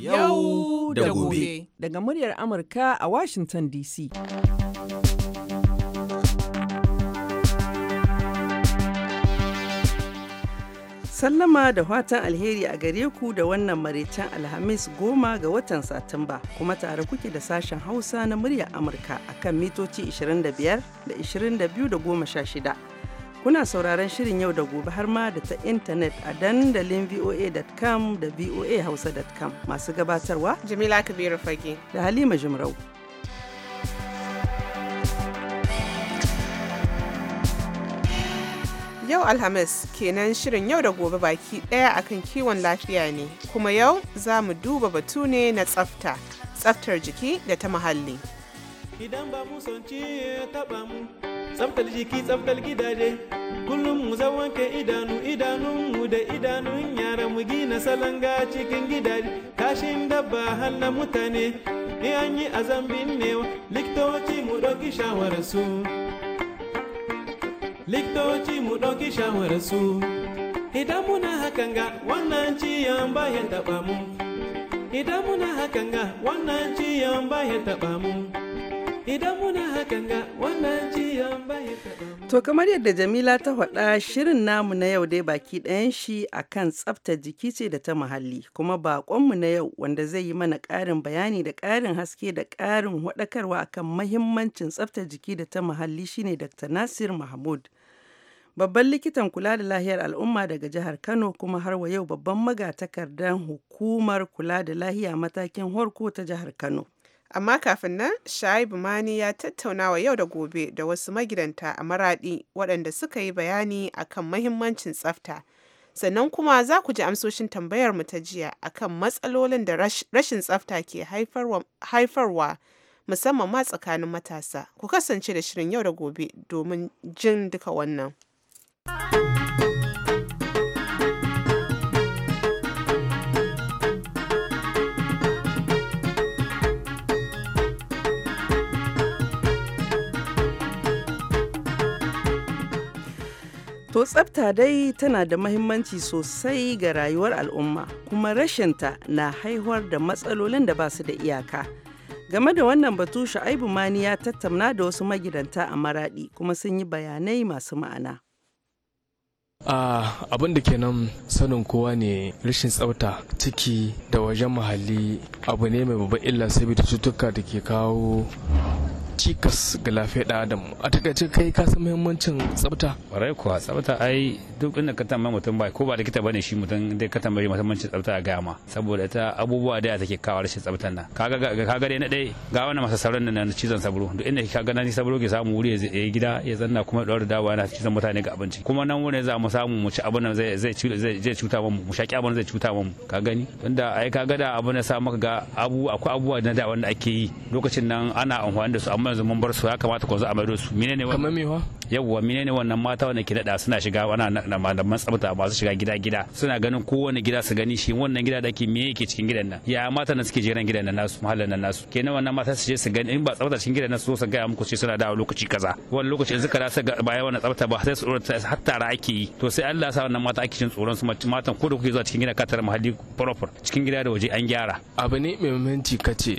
Yau da gobe. Daga muryar Amurka a Washington DC. Sallama da fatan alheri a gare ku da wannan maraicen Alhamis goma ga watan Satumba kuma tare kuke da sashen Hausa na muryar Amurka akan mitoci 25 da 22 da 16. Kuna sauraron shirin yau da gobe har ma da ta intanet a dandalin voa.com da voahausa.com masu gabatarwa Jamila Kabiru Fage da Halima jimrau Yau Alhamis kenan shirin yau da gobe baki ɗaya akan kiwon lafiya ne, kuma yau za mu duba batu ne na tsafta, tsaftar jiki da ta muhalli. Idan ba son ciye taɓa mu. tsamfal jiki tsamfal gidaje kullum mu zan wanke idanu idanunmu da idanun yara mu gina salanga cikin gidaje kashin dabba har mutane in an yi a zambin ne likitoci mu ɗauki shawararsu likitoci mu ɗauki shawararsu idan muna hakan ga wannan ciyan bayan taɓa mu idan muna hakan ga wannan ciyan bayan taɓa mu idan muna hakan ga wannan jiyan bai To kamar yadda Jamila ta faɗa shirin namu na yau dai baki ɗayan shi akan tsafta jiki ce da ta muhalli kuma baƙonmu na yau wanda zai yi mana ƙarin bayani da ƙarin haske da ƙarin waɗakarwa akan mahimmancin tsafta jiki da ta muhalli shine Dr. Nasir Mahmud. babban likitan kula da lahiyar al'umma daga jihar kano kuma har wa yau babban magatakardan hukumar kula da lahiya matakin horko ta jihar kano Amma kafin nan, Shaibu Mani ya tattaunawa yau da gobe da wasu magidanta a maraɗi waɗanda suka yi bayani akan mahimmancin tsafta. Sannan kuma za ku ji amsoshin tambayar mu ta jiya akan matsalolin da rashin tsafta ke haifarwa musamman ma tsakanin matasa. Ku kasance da shirin yau da gobe domin jin duka wannan. To tsafta dai tana da mahimmanci sosai ga rayuwar al'umma kuma rashinta na haihuwar da matsalolin da ba su da iyaka. Game da wannan batu sha'aibu Mani ya tattauna da wasu magidanta a maraɗi kuma sun yi bayanai masu ma'ana. Uh, abin da kenan sanin kowa ne rashin tsafta ciki da wajen muhalli abu ne mai babban illa saboda cutuka da ke kawo cikas ga lafiyar da adam a takaice kai ka san muhimmancin tsafta ƙwarai kuwa tsafta ai duk inda ka tambaye mutum ba ko ba likita bane shi mutum dai ka tambaye muhimmancin tsafta a gama saboda ita abubuwa da take kawo rashin tsaftar nan kaga kaga dai na dai ga wannan masa sauran nan cizon sabro duk inda kaga nan sabro ke samu wuri ya gida ya zanna kuma da dawa yana cizon mutane ga abinci kuma nan wurin za mu samu mu ci abin nan zai zai cuta mu mu shaƙi abin zai cuta mu ka gani tunda ai kaga da abin ya sa maka ga abu akwai abubuwa na da wanda ake yi lokacin nan ana amfani da su amma yanzu mun bar su ya kamata ku a maido su menene wannan kamar yawwa menene wannan mata wanda ke dada suna shiga wana malaman tsafta su shiga gida gida suna ganin kowane gida su gani shi wannan gida da ke me yake cikin gidan nan ya mata na suke jiran gidan nan nasu mahallan nan nasu kenan wannan mata su je su gani in ba tsafta cikin gidan nan su su ga muku ce suna da lokaci kaza wani lokaci yanzu kaza su bayan wannan tsafta ba sai su dora har tara ake yi to sai Allah ya sa wannan mata ake jin tsoron su matan ko da kuke zuwa cikin gida ka tara mahalli proper cikin gida da waje an gyara abu ne mai mamanci kace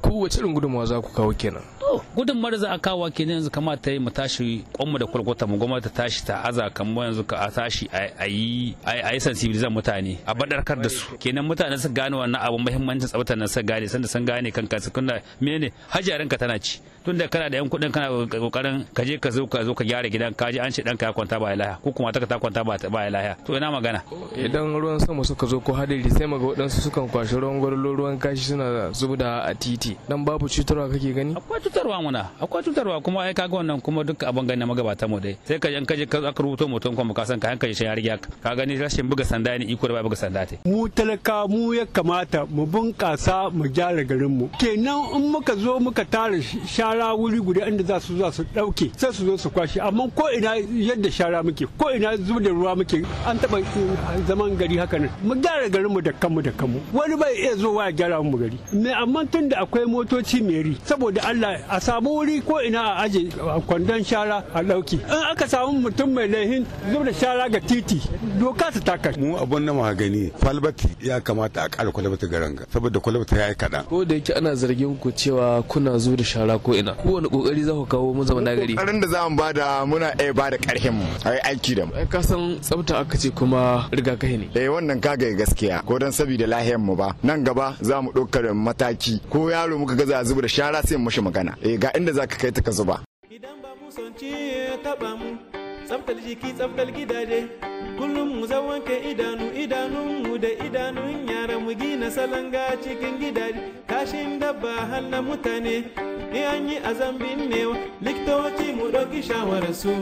ku wace rungudu ma za ku kawo kenan to gudun za a kawo ke yanzu kamata yi mu tashi kwanmu da kwalkwata mu gwamnati tashi ta aza kamar yanzu ka a tashi a yi a yi sensibilizan mutane a badarkar da su kenan mutane su gane wannan abu muhimmancin tsabta nan su gane sanda sun gane kanka su kunna menene hajarin ka tana ci tun da kana da yan kuɗin kana kokarin ka je ka zo ka zo ka gyara gidan ka je an ce ɗanka ya kwanta ba lahiya ko kuma ta ta kwanta ba ba lahiya to ina magana idan ruwan sama suka zo ko hadari sai maga waɗansu sukan kwashi ruwan gwarlo ruwan kashi suna zubda a titi dan babu cutarwa kake gani akwai cutarwa muna akwai cutarwa kuma ai kaga wannan kuma duk abin gani na magabata mu dai sai ka yanka kaje ka aka rubuto mutum kuma ka san ka hanka shi ya giya ka gani rashin buga sanda ne iko da ba buga sanda te mu talaka mu ya kamata mu bunƙasa mu gyara garin mu kenan in muka zo muka tara shara wuri guda inda za su zo su dauke sai su zo su kwashi amma ko ina yadda shara muke ko ina zuba da ruwa muke an taba eh, zaman gari haka nan mu gyara garin mu da kanmu da kanmu wani bai iya zo wa gyara mu gari me amma tunda akwai motoci meri saboda Allah a samu wuri ko ina a aje kwandon shara a dauki in aka samu mutum mai laihin zub da shara ga titi doka su taka mu abun na magani falbati ya kamata a kara kwalbata garanga saboda kwalbata ya yi kaɗan ko da yake ana zargin ku cewa kuna zub da shara ko ina kowane kokari za ku kawo mu zama nagari kokarin da za mu bada muna ba da karhin mu ai aiki da mu ai ka san tsafta aka ce kuma rigakafi ne eh wannan kaga gaskiya ko dan saboda lahiyar mu ba nan gaba za mu ɗaukar mataki ko yaro muka ga za da shara sai mu shi magana Eh, ga inda za ka kai ta ka zuba idan ba mu son ya taba mu tsaftar jiki tsaftar gidaje kullum mu zan wanke idanu idanun mu da idanun yara mu gina salanga cikin gidaje kashin dabba hannun mutane an yi azambin ne likitoci mu ɗauki shawararsu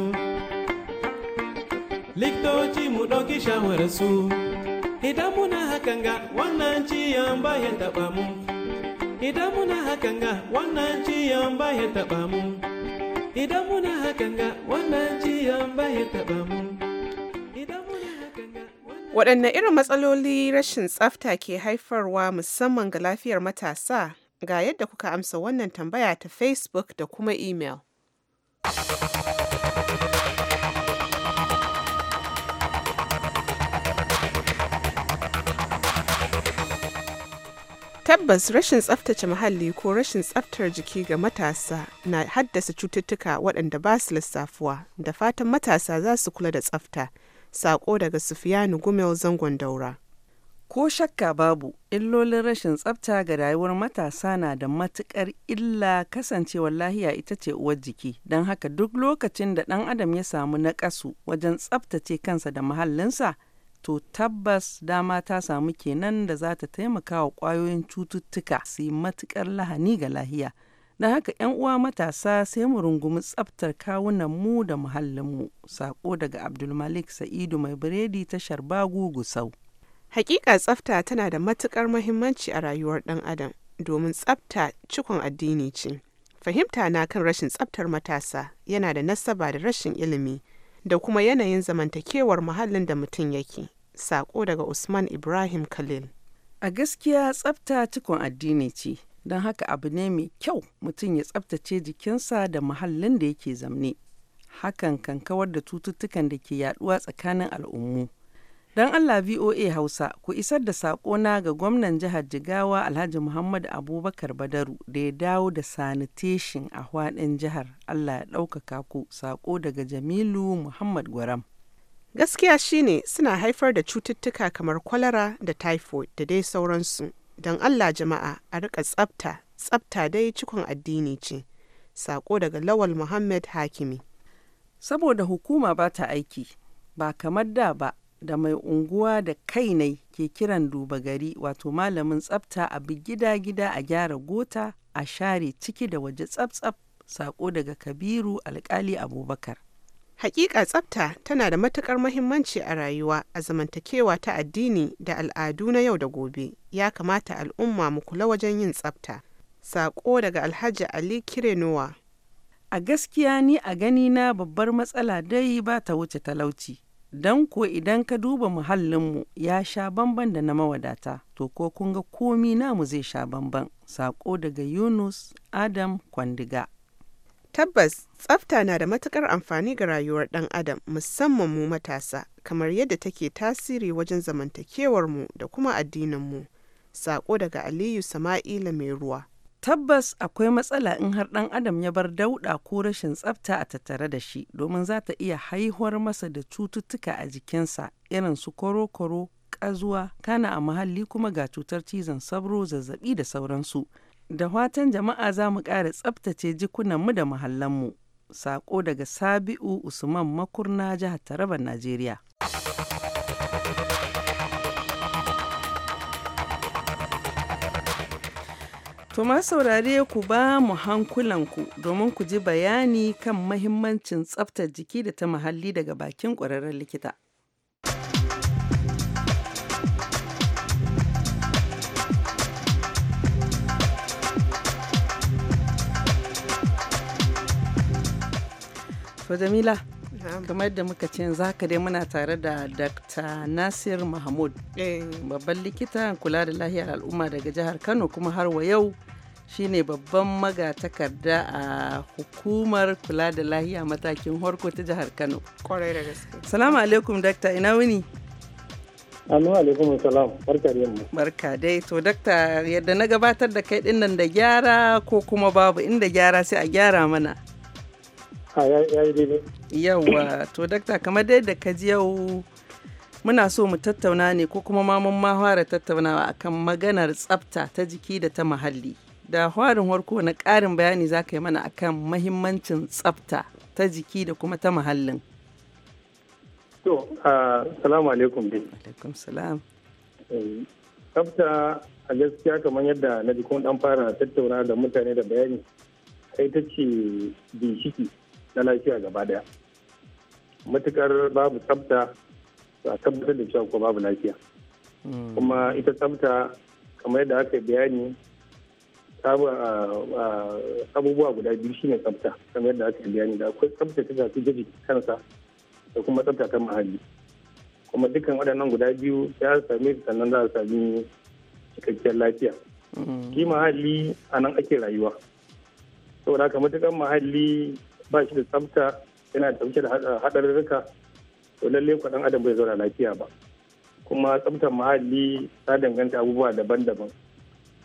likitoci mu ɗauki shawararsu idan muna hakan ga wannan ciyan bayan taɓa mu idan muna hakan ga wannan ciyan ba ya taba mu idan muna hakan ga wannan ciyan ba taba mu waɗanne irin matsaloli rashin tsafta ke haifarwa musamman ga lafiyar matasa ga yadda kuka amsa wannan tambaya ta facebook da kuma email Tabbas rashin tsaftace muhalli ko rashin tsaftar jiki ga matasa na haddasa cututtuka waɗanda ba su lissafuwa da fatan matasa za su kula da tsafta. saƙo daga Sufiyanu Gumel zangon daura. Ko shakka babu, illolin rashin tsafta ga rayuwar matasa na da matuƙar illa kasancewar lahiya ita ce uwar jiki, don haka duk lokacin da ɗan adam ya samu naƙasu wajen tsaftace kansa da muhallinsa, to tabbas dama ta samu kenan da za ta taimaka wa ƙwayoyin cututtuka su yi matuƙar lahani ga lahiya. Don haka 'yan uwa matasa sai mu rungumi tsaftar kawunan mu da muhallinmu. Sako daga Abdulmalik Sa'idu mai biredi tashar Sharbagu Gusau. Hakika tsafta tana da matuƙar muhimmanci a rayuwar ɗan adam domin tsafta cikon addini ce. Fahimta na kan rashin tsaftar matasa yana da nasaba da rashin ilimi. da kuma yanayin zamantakewar muhallin da mutum yake. Sako daga Usman Ibrahim Khalil. A gaskiya tsafta tukun addini ce, don haka abu ne mai kyau mutum ya tsaftace jikinsa da muhallin da yake zamne. Hakan kan kawar da cututtukan da ke yaduwa tsakanin al'ummu. Don Allah VOA Hausa ku isar da saƙona ga gwamnan jihar Jigawa Alhaji Muhammad Abubakar Badaru da ya dawo da sanitation a hwaɗin jihar. Allah ya ɗaukaka ku saƙo daga Jamilu Muhammad Gwaram. Gaskiya shine suna haifar da cututtuka kamar kwalara da typhoid da dai sauransu. Don Allah jama'a a riƙa tsafta, tsafta dai cikon addini ce. Saƙo daga Lawal Muhammad Hakimi. Saboda hukuma ba ta aiki, ba kamar da ba da mai unguwa da kainai ke kiran duba gari wato malamin tsafta a bi gida-gida a gyara gota a share ciki da waje tsaf-tsaf sako daga kabiru alkali abubakar Hakika tsafta tana da matukar mahimmanci a rayuwa a zamantakewa ta addini da al'adu na yau da gobe ya kamata al'umma mu kula wajen yin tsafta sako daga alhaji ali kirenowa a gaskiya ni a ganina babbar matsala dai ba ta wuce talauci don kuwa idan ka duba muhallinmu ya sha bamban da na mawadata to ko kun ga komi namu zai sha bamban sako daga yunus adam kwandiga tabbas tsafta na da matukar amfani ga rayuwar dan adam musamman mu matasa kamar yadda take tasiri wajen zamantakewar mu da kuma addinin mu sako daga aliyu sama'ila mai ruwa Tabbas akwai matsala in har ɗan adam ya bar dauɗa ko rashin tsafta a tattare da shi domin za ta iya haihuwar masa da cututtuka a jikinsa irin su korokoro, ƙazuwa, kana a muhalli kuma ga cutar cizon sabro, zazzabi da sauransu. Da fatan jama'a za mu ƙara tsaftace jikunanmu da muhallanmu. Sako daga Sabi'u Usman Makurna jihar Taraba, Najeriya. To ma saurare ku ba mu hankulanku domin ku ji bayani kan mahimmancin tsaftar jiki da ta muhalli daga bakin ƙwararren likita. To Jamila, kamar da muka ce za ka dai muna tare da dr nasir mahmud eh. babban likita kula da lahiyar al'umma daga jihar kano kuma har wa yau shine babban magatakarda a hukumar kula da lahiya matakin horko ta jihar kano kwarai da gaske salamu alaikum dr ina wuni Anu alaikum salam barka da yamma. Barka dai to dakta yadda na gabatar da kai dinnan da gyara ko kuma babu inda gyara sai a gyara mana. A yayi daidai. Yawwa, to dakta kamar dai da ka ji yau muna so mu tattauna ne ko kuma ma mun ma fara tattaunawa akan maganar tsafta ta jiki da ta muhalli. Da harin harko na ƙarin bayani za ka yi mana akan mahimmancin tsafta ta jiki da kuma ta muhallin. To, salamu alaikum Alaikum eh, a gaskiya kamar yadda na ji kuma dan fara tattauna da mutane da bayani, sai ta ce ginshiki na lafiya gaba daya. matukar babu tsafta a tabbatar da cewa ko babu lafiya kuma ita tsafta kamar yadda aka bayani abubuwa guda biyu shine tsabta kamar yadda aka bayani da akwai tsafta ta shafi jiki kansa da kuma tsafta ta muhalli kuma dukkan waɗannan guda biyu ya sami sannan za a sami cikakkiyar lafiya shi muhalli a nan ake rayuwa saboda haka matukar muhalli ba shi da tsabta yana dauke da haɗarurruka to lallai ku adam bai zauna lafiya ba kuma tsabtar muhalli ta danganta abubuwa daban-daban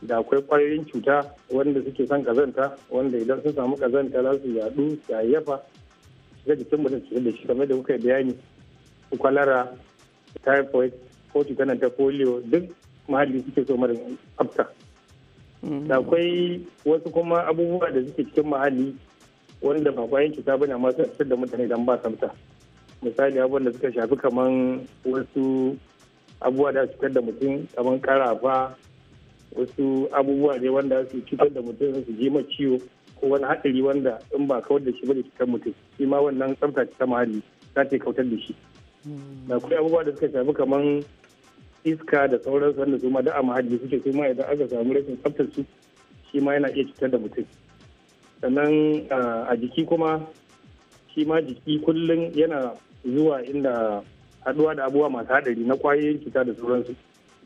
da akwai kwayoyin cuta wanda suke son kazanta wanda idan sun samu kazanta za su yadu yayyafa shiga jikin mutum su da shi kamar da kuka bayani su kwalara typhoid ko cutar ta polio duk muhalli suke so mara tsabta da mm. akwai wasu kuma abubuwa da suke cikin muhalli wanda ba kwayan cuta bane amma sai fitar da mutane dan ba samta misali abubuwan da suka shafi kaman wasu abubuwa da cutar da mutum kaman karafa wasu abubuwa ne wanda su cutar da mutum su ji ma ciwo ko wani haɗari wanda in ba kawar da shi bane cutar mutum shi ma wannan tsafta ta muhalli za ta kautar da shi da kuma abubuwa da suka shafi kaman iska da sauransu wanda su ma da a muhalli suke su ma idan aka samu rashin tsaftar su shi ma yana iya cutar da mutum sannan a jiki kuma shi ma jiki kullum yana zuwa inda haduwa da abubuwa masu hadari na kwayoyin cuta da sauransu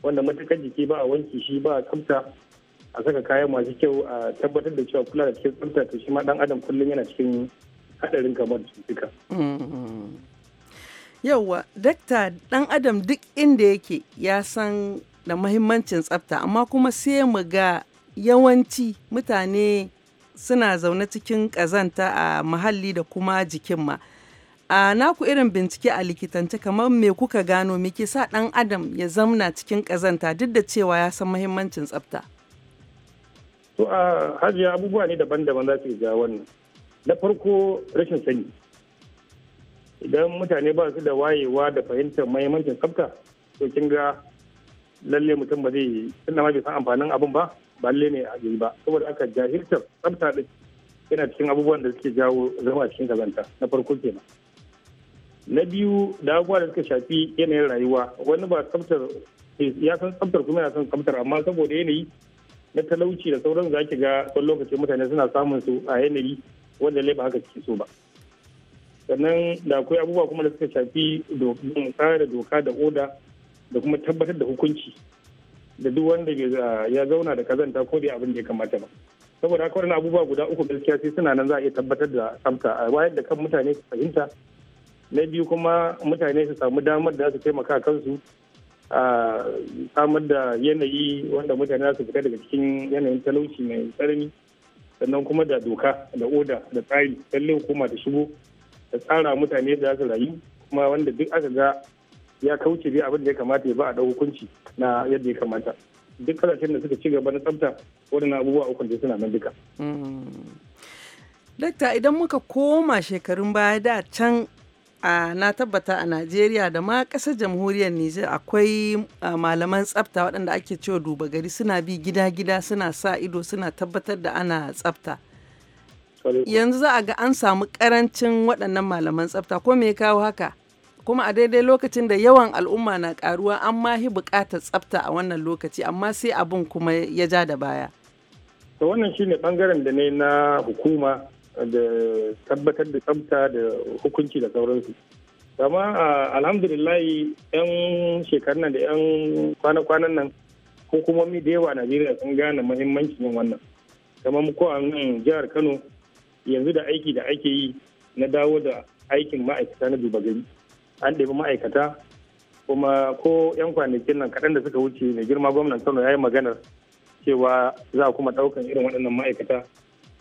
wanda matakan jiki ba a wanke shi ba a tsafta a saka kayan masu kyau a tabbatar da cewa kula da cikin tsafta to shi ma dan adam kullum yana cikin hadarin kamar cututtuka. Mm-hmm. Yauwa, dakta dan adam duk inda yake ya san da mahimmancin tsabta amma kuma sai mu ga yawanci mutane suna zaune cikin kazanta a muhalli da kuma jikin ma. A naku irin bincike a likitance kamar me kuka gano me ke sa ɗan adam ya zamna cikin ƙazanta duk da cewa ya san muhimmancin tsafta. To a hajiya abubuwa ne daban-daban za su ga wannan. Na farko rashin sani. Idan mutane ba su da wayewa da fahimtar mahimmancin tsafta to kin ga lalle mutum ba zai tunda ma bai san amfanin abin ba balle ne a yi ba saboda aka jahilta tsabta din yana cikin abubuwan da suke jawo zama cikin gazanta na farko kenan na biyu da abubuwa da suka shafi yanayin rayuwa wani ba tsaftar ya san tsabtar kuma yana son tsaftar amma saboda yanayi na talauci da sauran za ki ga wani lokaci mutane suna samun su a yanayi wanda lai ba haka ke so ba sannan da akwai abubuwa kuma da suka shafi tsara doka da oda da kuma tabbatar da hukunci da duk wanda ya zauna da kazanta ko bai abin da ya kamata ba saboda haka wani abubuwa guda uku gaskiya sai suna nan za a iya tabbatar da tsafta a wayar da kan mutane su fahimta na biyu kuma mutane su samu damar da su taimaka kansu a samar da yanayi wanda mutane za su fita daga cikin yanayin talauci mai tsanani sannan kuma da doka da oda da tsari lalle hukuma da shigo da tsara mutane da za su rayu kuma wanda duk aka ga ya kauce bi abin da ya kamata ya ba a dau hukunci na yadda ya kamata duk kasashen da suka ci gaba na tsafta waɗannan abubuwa uku da suna nan duka. Mm. Dokta idan muka koma shekarun baya da can na tabbata a Najeriya da ma ƙasar jamhuriyar Nijar akwai malaman tsafta waɗanda ake cewa duba gari suna bi gida-gida suna sa ido suna tabbatar da ana tsafta. Yanzu za a ga an samu ƙarancin waɗannan malaman tsafta ko me ya kawo haka? kuma a daidai lokacin da yawan al'umma na karuwa an mahi bukatar tsabta a wannan lokaci amma sai abin kuma ya ja da baya to wannan shine bangaren da ne na hukuma da tabbatar da tsafta da hukunci da sauransu amma alhamdulillahi yan shekarun nan da yan kwana-kwanan nan hukumomi da yawa a najeriya sun gane muhimmancin yin wannan kamar ko a nan jihar kano yanzu da aiki da ake yi na dawo da aikin ma'aikata na duba gari an ɗebi ma'aikata kuma ko 'yan kwanakin nan kaɗan da suka wuce mai girma gwamnan kano ya yi maganar cewa za a kuma ɗaukan irin waɗannan ma'aikata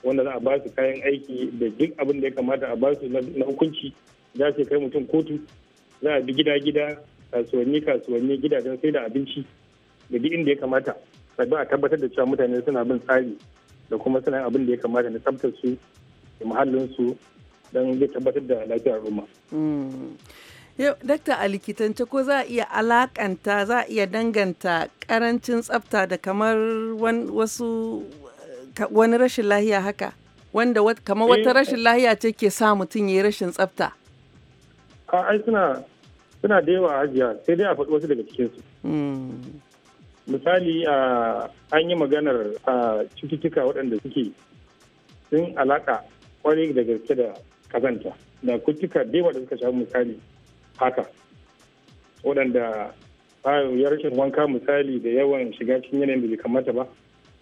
wanda za a ba su kayan aiki da duk abin da ya kamata a ba su na hukunci za su kai mutum kotu za a bi gida-gida kasuwanni kasuwanni gidajen sai da abinci da duk inda ya kamata a a tabbatar da cewa mutane suna bin tsari da kuma suna yin abin da ya kamata na tsaftar su da muhallin su don zai tabbatar da lafiyar al'umma. Hmm. Dakta a likitance ko za a iya alakanta za a iya danganta karancin tsafta da kamar wasu wani rashin lahiya haka wanda kamar wata eh, rashin lahiya ce ke sa mutum ya yi rashin tsafta. A ai suna suna da yawa ajiya sai dai a faɗi wasu daga cikinsu. Hmm. Misali an yi maganar cututtuka waɗanda suke sun alaƙa kwarai da gaske da kazanta da cututtuka da yawa da suka shafi misali. haka waɗanda ya rashin wanka misali da yawan shiga cikin yanayin da bai kamata ba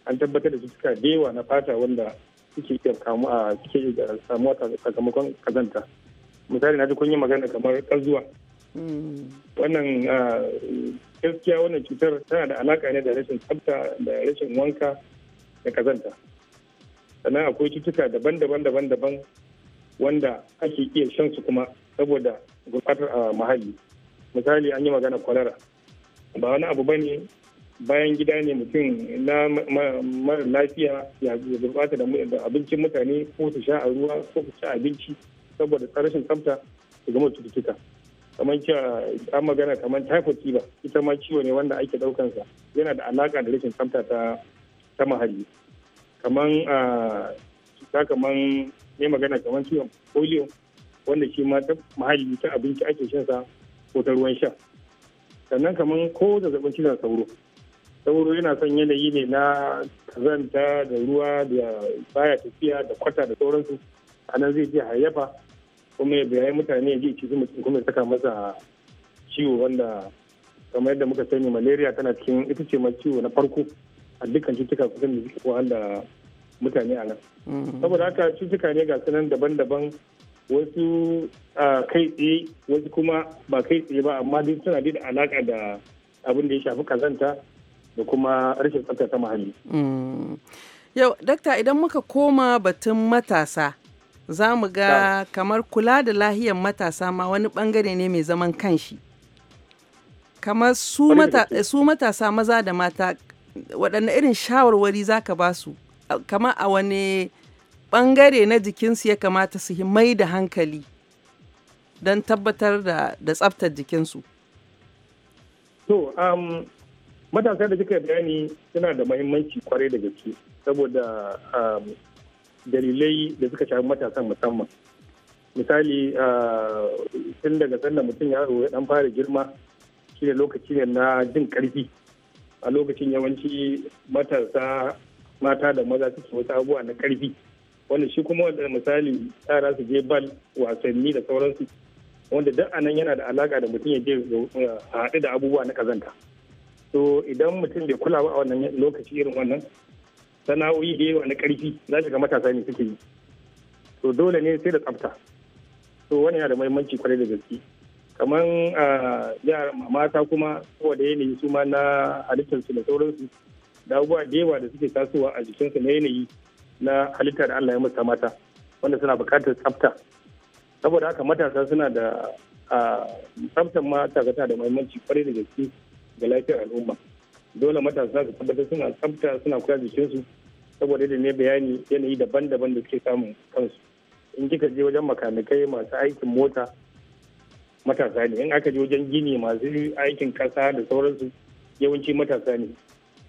an tabbatar da cututtuka da yawa na fata wanda suke iya kamu a suke samuwa sakamakon kazanta misali na ji kun yi magana kamar ƙazuwa mm. wannan gaskiya wannan cutar tana da alaƙa ne da rashin tsafta da rashin wanka da kazanta sannan akwai cutuka daban-daban daban-daban wanda ake iya shan su kuma saboda gurɓatar muhalli misali an yi magana kwalara ba wani abu ba ne bayan gida ne mutum na mara lafiya ya gurɓata da abincin mutane ko su sha a ruwa ko su sha abinci saboda rashin tsafta su gama cututtuka kamar cewa an magana kamar typhoid fever ita ma ciwo ne wanda ake ɗaukansa yana da alaƙa da rashin tsafta ta ta muhalli kamar cuta kamar ne magana kamar ciwon polio wanda shi ma ta mahalli ta abinci ake shan sa ko ta ruwan sha sannan kamar ko zazzabin cizon sauro sauro yana son yanayi ne na kazanta da ruwa da baya tafiya da kwata da sauransu a nan zai je hayyafa kuma ya bayan mutane ya ji cikin mutum kuma ya saka masa ciwo wanda kamar yadda muka sani malaria tana cikin ita ce ma ciwo na farko a dukkan cutuka kusan da suke wahala mutane a nan mm. saboda haka cutuka ne ga sunan daban-daban wasu kai tsaye wasu kuma ba kai tsaye ba amma duk suna da alaka da abin da ya shafi kazanta da kuma rashin ta muhalli. Mm. Yau, dakta idan muka koma batun matasa, za mu ga kamar kula da lahiyar matasa ma wani bangare ne mai zaman kanshi. Kamar su, matasa maza da mata, waɗanne irin shawarwari za ka ba su, kamar a wani ɓangare na jikinsu ya kamata su yi mai da hankali don tabbatar da, da tsaftar jikinsu? To, um, matasa da kika bayani suna da mahimmanci kwarai da gaske saboda um, dalilai da suka shafi matasan musamman. Misali, uh, tun daga sanda mutum yaro ya dan fara girma shi ne lokaci ne na jin karfi. A lokacin yawanci matasa mata da maza suke wasu abubuwa na karfi. wanda shi kuma wanda misali yara su je bal wasanni da sauransu wanda duk anan yana da alaka da mutum ya je haɗu da abubuwa na ƙazanta to idan mutum bai kula ba a wannan lokaci irin wannan sana'o'i da yawa na ƙarfi za shiga matasa ne suke yi to dole ne sai da tsafta to wani yana da muhimmanci kwarai da gaske kamar yara mata kuma saboda yanayi su ma na halittarsu da sauransu da abubuwa da yawa da suke tasowa a jikinsu na yanayi na halitta da Allah ya musta mata wanda suna bukatar tsafta saboda haka matasa suna da tsaftar mata tana da muhimmanci kwarai da gaske ga lafiyar al'umma dole matasa su tabbatar suna tsafta suna kula su saboda da ne bayani yanayi daban-daban da suke samun kansu in kika je wajen makamikai masu aikin mota matasa ne in aka je wajen gini masu aikin kasa da sauransu yawanci matasa ne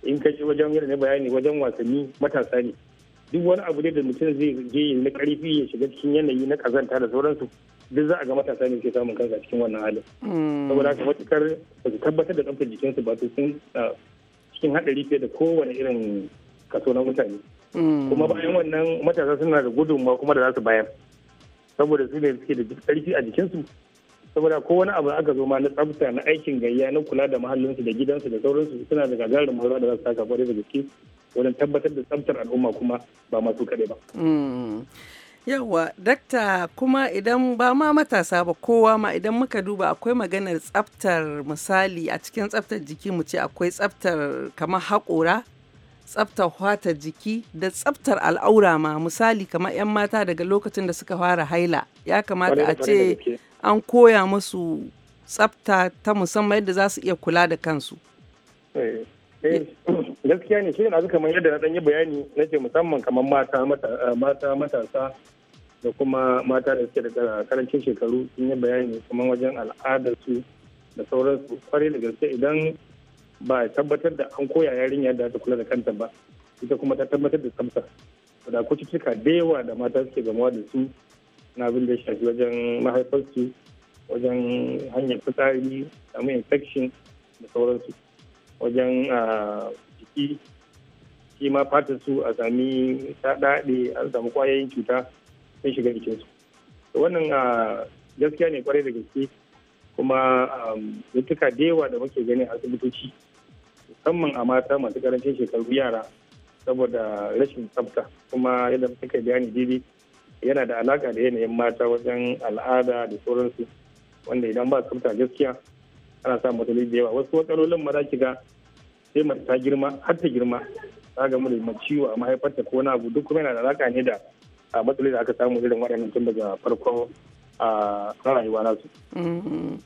in ka je wajen yadda bayani wajen wasanni matasa ne duk wani abu ne da mutum zai je yin na karfi ya shiga cikin yanayi na kazanta da sauransu duk za a ga matasa ne ke samun kansa cikin wannan halin hmm. saboda haka matukar ba su tabbatar da ɗaukar jikinsu ba su sun cikin haɗari fiye da kowane irin kaso na mutane hmm. kuma bayan wannan matasa suna da gudunmawa kuma da za su bayar saboda su ne suke da ƙarfi a jikinsu saboda ko wani abu aka zo ma na tsafta na aikin gayya na kula da mahallinsu da gidansu da sauransu suna da gagarin mahalwa da za su taka kwarai da gaske wajen tabbatar da tsaftar al'umma kuma ba masu kaɗai ba. Mm. Yawwa, dakta kuma idan ba ma matasa ba kowa ma idan muka duba akwai maganar tsaftar misali a cikin tsaftar jiki mu ce akwai tsaftar kamar haƙora, tsaftar hwata jiki da tsaftar al'aura ma misali kamar 'yan mata daga lokacin da suka fara haila ya kamata a ce an koya musu tsafta ta musamman yadda za su iya kula da kansu. Eh. Eh, gaskiya ne shi yanzu kamar yadda na ɗan yi bayani na ce musamman kamar mata eh, mata matasa da kuma mata da suke da karancin shekaru sun yi bayani kamar wajen al'adarsu da sauransu kwarai da gaske idan ba a tabbatar da an koya yarinya da ta kula da kanta ba ita kuma ta tabbatar da tsafta da cututtuka da yawa da mata suke gamuwa da su na abin da shafi wajen mahaifarsu wajen hanyar fitsari samun infection da sauransu wajen jiki shi ma fatar su a sami ta daɗe an samu kwayoyin cuta sun shiga jikinsu wannan gaskiya ne kwarai da gaske kuma mutuka da yawa da muke gani a asibitoci musamman a mata masu karancin shekaru yara saboda rashin tsafta kuma yadda suka bayani daidai yana da alaka da yanayin mata wajen al'ada da sauransu wanda idan ba tsafta gaskiya ana sa matsaloli da yawa wasu matsalolin ma za ki ga sai mace ta girma har ta girma ta gamu da mai ciwo a mahaifarta ko na abu duk kuma yana da alaka ne da matsalar da aka samu irin waɗannan tun daga a rayuwa nasu. Mm-hmm.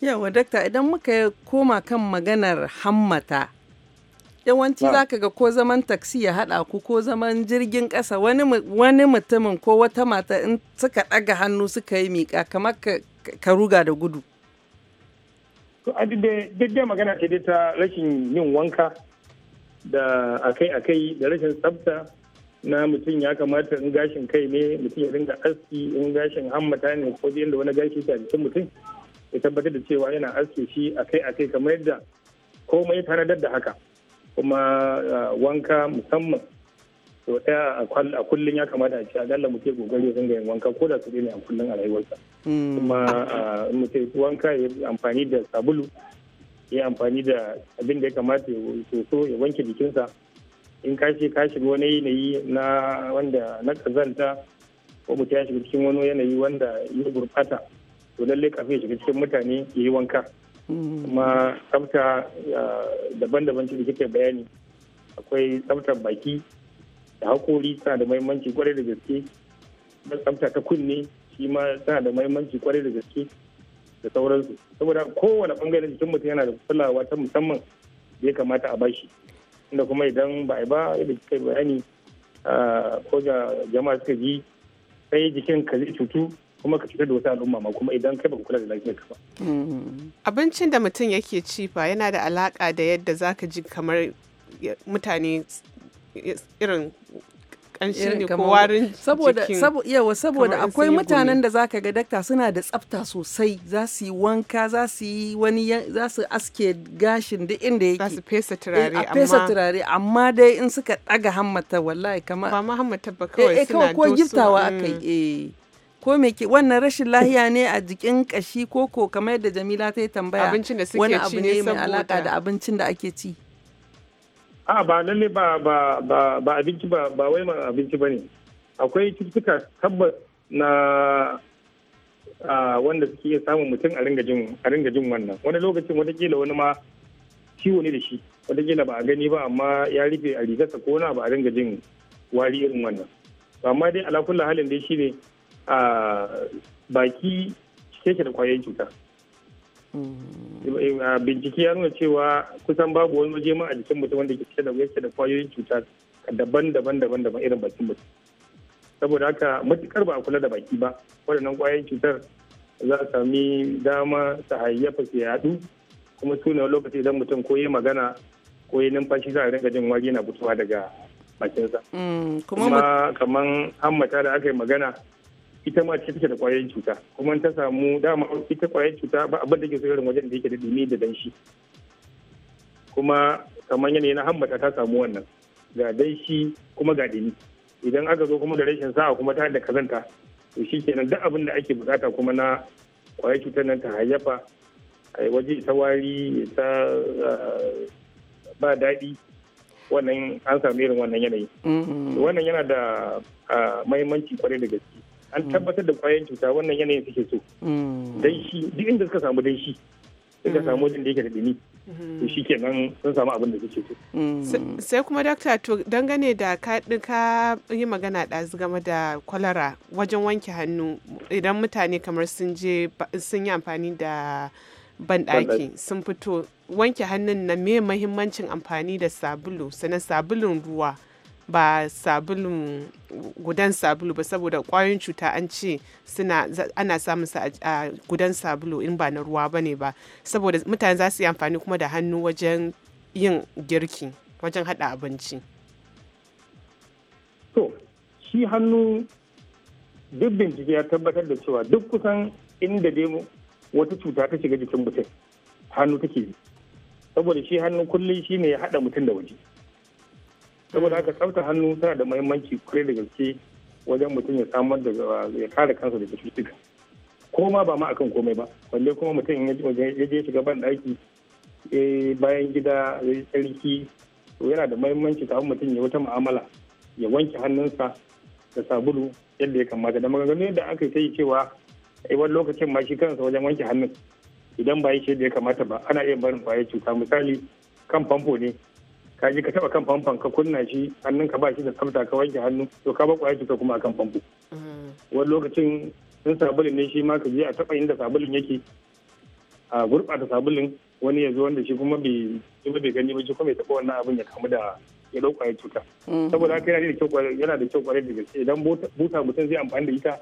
yawa dakta idan muka koma kan maganar hammata yawanci za ka ga ko zaman taksi ya haɗa ku ko zaman jirgin ƙasa wani mutumin ko wata mata in suka ɗaga hannu suka yi miƙa kamar ka ruga da gudu. daidai magana ce dai ta rashin yin wanka da akai-akai da rashin tsafta na mutum ya kamata in gashin kai ne mutum ya ringa aski in gashin hammata ne ko da wani gashi ta jikin mutum ya tabbatar da cewa yana aske shi akai-akai kamar yadda komai tanadar da haka kuma ah, wanka musamman to ɗaya a kullum ya kamata a ce akalla mu ke kokari sun yin wanka ko da su ne a kullum a rayuwarsa hmm. kuma mu ce wanka ya amfani da sabulu ya amfani da abin da ya kamata ya soso ya wanke jikinsa in ka ce ka shiga wani yanayi na wanda na kazanta ko mutum ya shiga cikin wani yanayi wanda ya gurɓata to lallai kafin ya shiga cikin mutane ya yi wanka hmm. kuma tsafta daban-daban cikin da ke bayani akwai tsaftar baki da hakori suna da mahimmanci kwarai da gaske da tsamta ta kunne shi ma suna da mahimmanci kwarai da gaske da sauransu saboda kowane bangaren jikin mutum yana da kulawa ta musamman da ya kamata a bashi inda kuma idan ba a ba yi bayani ko da jama'a suka ji sai jikin ka zai cutu kuma ka cutar da wata al'umma ma kuma idan kai ba kula da ka ba. Mm-hmm. Abincin da mutum yake ci fa yana da alaka da yadda zaka ji kamar mutane irin kanshi ne ko warin saboda yawa saboda akwai mutanen da zaka ga dakta suna da tsafta sosai za su yi wanka za su yi wani za su aske gashin duk inda yake za su fesa turare eh, amma fesa turare amma dai in suka daga hammata wallahi kamar ba ma hammata ba eh, eh, kawai suna ko giftawa akai mm. eh ko me ke wannan rashin lahiya ne a jikin kashi ko kamar yadda Jamila ta yi tambaya abincin da suke ci ne saboda wani abu ne mai alaka da abincin da ake ci a ba lalle ba ba ba ba abinci ba ba wai ma abinci bane akwai cututtuka tabbas na wanda suke iya samun mutum a ringa jin a ringa jin wannan wani lokacin kila wani ma ciwo ne da shi wata kila ba a gani ba amma ya rufe a rigarsa ko wani ba a ringa jin wari irin wannan amma dai alakulla halin dai shine a baki cike da kwayoyin cuta Eh, bincike ya nuna cewa kusan babu wani waje ma a jikin mutum wanda ke da yake da kwayoyin cuta daban-daban daban-daban irin bakin mutum saboda haka matukar ba a kula da baki ba waɗannan kwayoyin cutar za a sami dama su hayyafa su yaɗu kuma su ne lokaci idan mutum ko yi magana ko yi numfashi za a rinka jin wari na fitowa daga bakinsa mm, kuma kaman hammata da aka yi magana ita ma ce take da kwayoyin cuta kuma ta samu dama ita kwayoyin cuta ba abin da ke so irin wajen da yake da dumi da danshi kuma kamar yanayi na hambata ta samu wannan ga danshi kuma ga dumi idan aka zo kuma da rashin sa'a kuma ta da kazanta to shi kenan duk abin da ake bukata kuma na kwayar cutar nan ta hayyafa a waje ta wari ta ba daɗi wannan an samu irin wannan yanayi mm-hmm. wannan yana da ah, mahimmanci kwarai da gaske an tabbatar da kwayan cuta wannan yanayin suke so mm. daishi duk inda suka samu daishi suka samu wajen da yake da dini to mm. shi kenan sun samu abin da suke so sai mm. kuma dakta to dangane da ka yi magana ɗazu game da kwalara wajen wanke hannu idan mutane kamar sun je sun yi amfani da banɗaki sun fito wanke hannun na me mahimmancin amfani da sabulu sannan sabulun ruwa ba sabulun gudan sabulu ba saboda kwayoyin cuta an ce suna ana samun sa a gudan sabulu in ba na ruwa ba ne ba saboda mutane za su yi amfani kuma da hannu wajen yin girki wajen hada abinci to shi hannu duk bincike ya tabbatar da cewa duk kusan inda dai wata cuta ta shiga jikin mutum hannu take saboda shi hannu kullum shine ya hada mutum da waje saboda haka tsafta hannu tana da muhimmanci kwarai da gaske wajen mutum ya samar da ya kare kansa daga cututtuka ko ma ba ma akan komai ba balle kuma mutum ya je shiga ban daki bayan gida ya yi tsarki to yana da muhimmanci kafin mutum ya wata mu'amala ya wanke hannunsa da sabulu yadda ya kamata da maganganu yadda aka yi ta yi cewa wani lokacin ma shi kansa wajen wanke hannun idan ba yi shi da ya kamata ba ana iya barin kwayar cuta misali kan famfo ne ka ji ka taba kan famfon ka kunna shi hannun ka ba shi da tsafta ka wanke hannu to ka ba kwaya cuta kuma kan famfo mm. wani lokacin in sabulin ne shi ma ka je a taba inda sabulin yake a gurɓata sabulin wani ya zo wanda shi kuma bai bai gani ba shi kuma ya taba wannan abin ya kamu da ya ɗau kwaya cuta mm-hmm. saboda haka yana da kyau yana da kyau kwarai da gaske idan buta mutum zai amfani da ita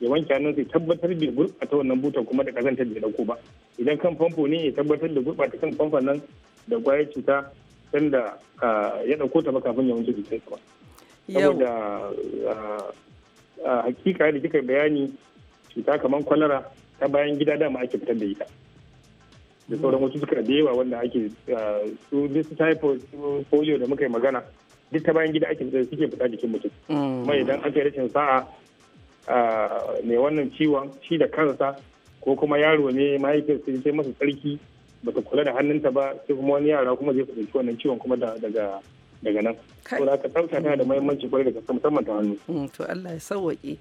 ya wanke hannun sai tabbatar bai gurɓata wannan butan kuma da kazantar da ya ba idan kan famfo ne ya tabbatar da gurɓata kan famfon nan da kwayar cuta sanda ya ɗauko ta maka kafin ya wanke jikin kuma Saboda a hakika da kika bayani cuta kamar kwalara ta bayan gida dama ake fitar da ita. Da sauran wasu suka da yawa wanda ake su bisu typhoid polio da muka yi magana duk ta bayan gida ake fitar suke fita jikin mutum. Mm. mai idan an kai rashin sa'a mai wannan ciwon shi da kansa ko kuma yaro ne mahaifiyarsa sai masa tsarki baka kula da hannunta ba sai kuma wani yara kuma zai fahimci wannan ciwon kuma daga daga nan. da ka tsafta tana da muhimmanci kwarai da gaske musamman ta hannu. Mm, to Allah ya sauwaƙe.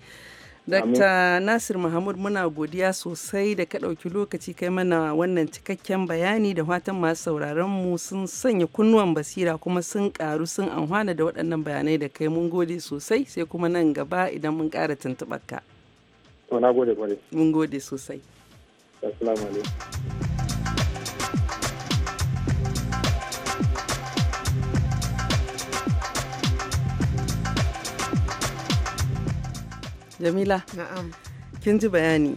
Dr. Nasir Muhammad muna godiya sosai da ka ɗauki lokaci kai mana wannan cikakken bayani da fatan masu sauraron mu sun sanya kunnuwan basira kuma sun karu sun amfana da waɗannan bayanai da kai mun gode sosai sai kuma nan gaba idan mun ƙara tuntuɓar ka. To na gode kwarai. Mun gode sosai. Assalamu alaikum. Jamila. Na'am. Kin ji bayani.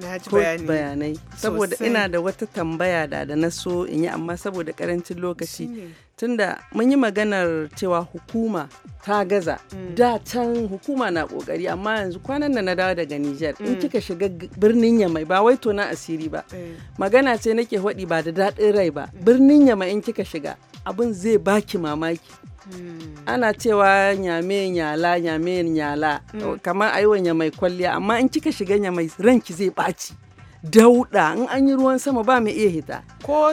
Na ji bayani. bayanai. Saboda ina da wata tambaya da da na so in yi amma saboda karancin lokaci. Tunda mun yi maganar cewa hukuma ta gaza. Mm. Da can hukuma na kokari amma yanzu kwanan nan na dawo daga Nijar. In mm. kika shiga birnin Yamai ba wai to na asiri ba. Eh. Magana ce nake hwaɗi ba da daɗin rai ba. Mm. Birnin Yamai in kika shiga abin zai baki mamaki. Hmm. ana cewa nyame nyala nyame nyala hmm. oh, kamar wa nyamai kwalliya amma in kika shiga nyamai ranki zai ɓaci dauda in an yi ruwan sama ba mai iya hita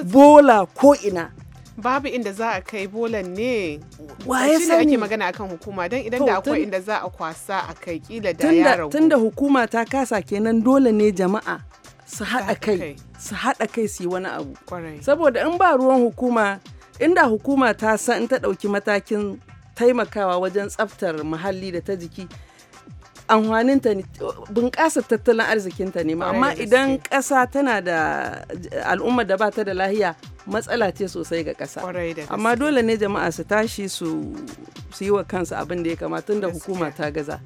bola ko ina babu inda za a kai bolan ne waye sani ake magana akan hukuma don idan da akwai inda za a kwasa a kai kila da ya ragu tunda hukuma ta kasa kenan dole ne jama'a su haɗa kai su haɗa kai su yi wani abu saboda in ba ruwan hukuma inda hukuma ta san ta ɗauki matakin taimakawa wajen tsaftar muhalli da ta jiki amfaninta ne bunƙasa tattalin arzikinta ne amma idan ƙasa tana da al'ummar da ba ta da lahiya matsala ce sosai ga ƙasa amma dole ne jama'a su tashi su yi wa kansu abin da ya kamata tunda hukuma ta gaza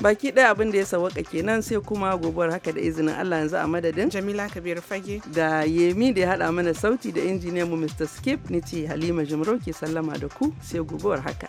baki ɗaya abin da ya sawaka kenan sai kuma gobuwar haka da izinin Allah yanzu a madadin Jamila Kabir Fage da Yemi da ya haɗa mana sauti da injiniyan mu Mr. Skip ni ce Halima Jumro sallama da ku sai gobuwar haka.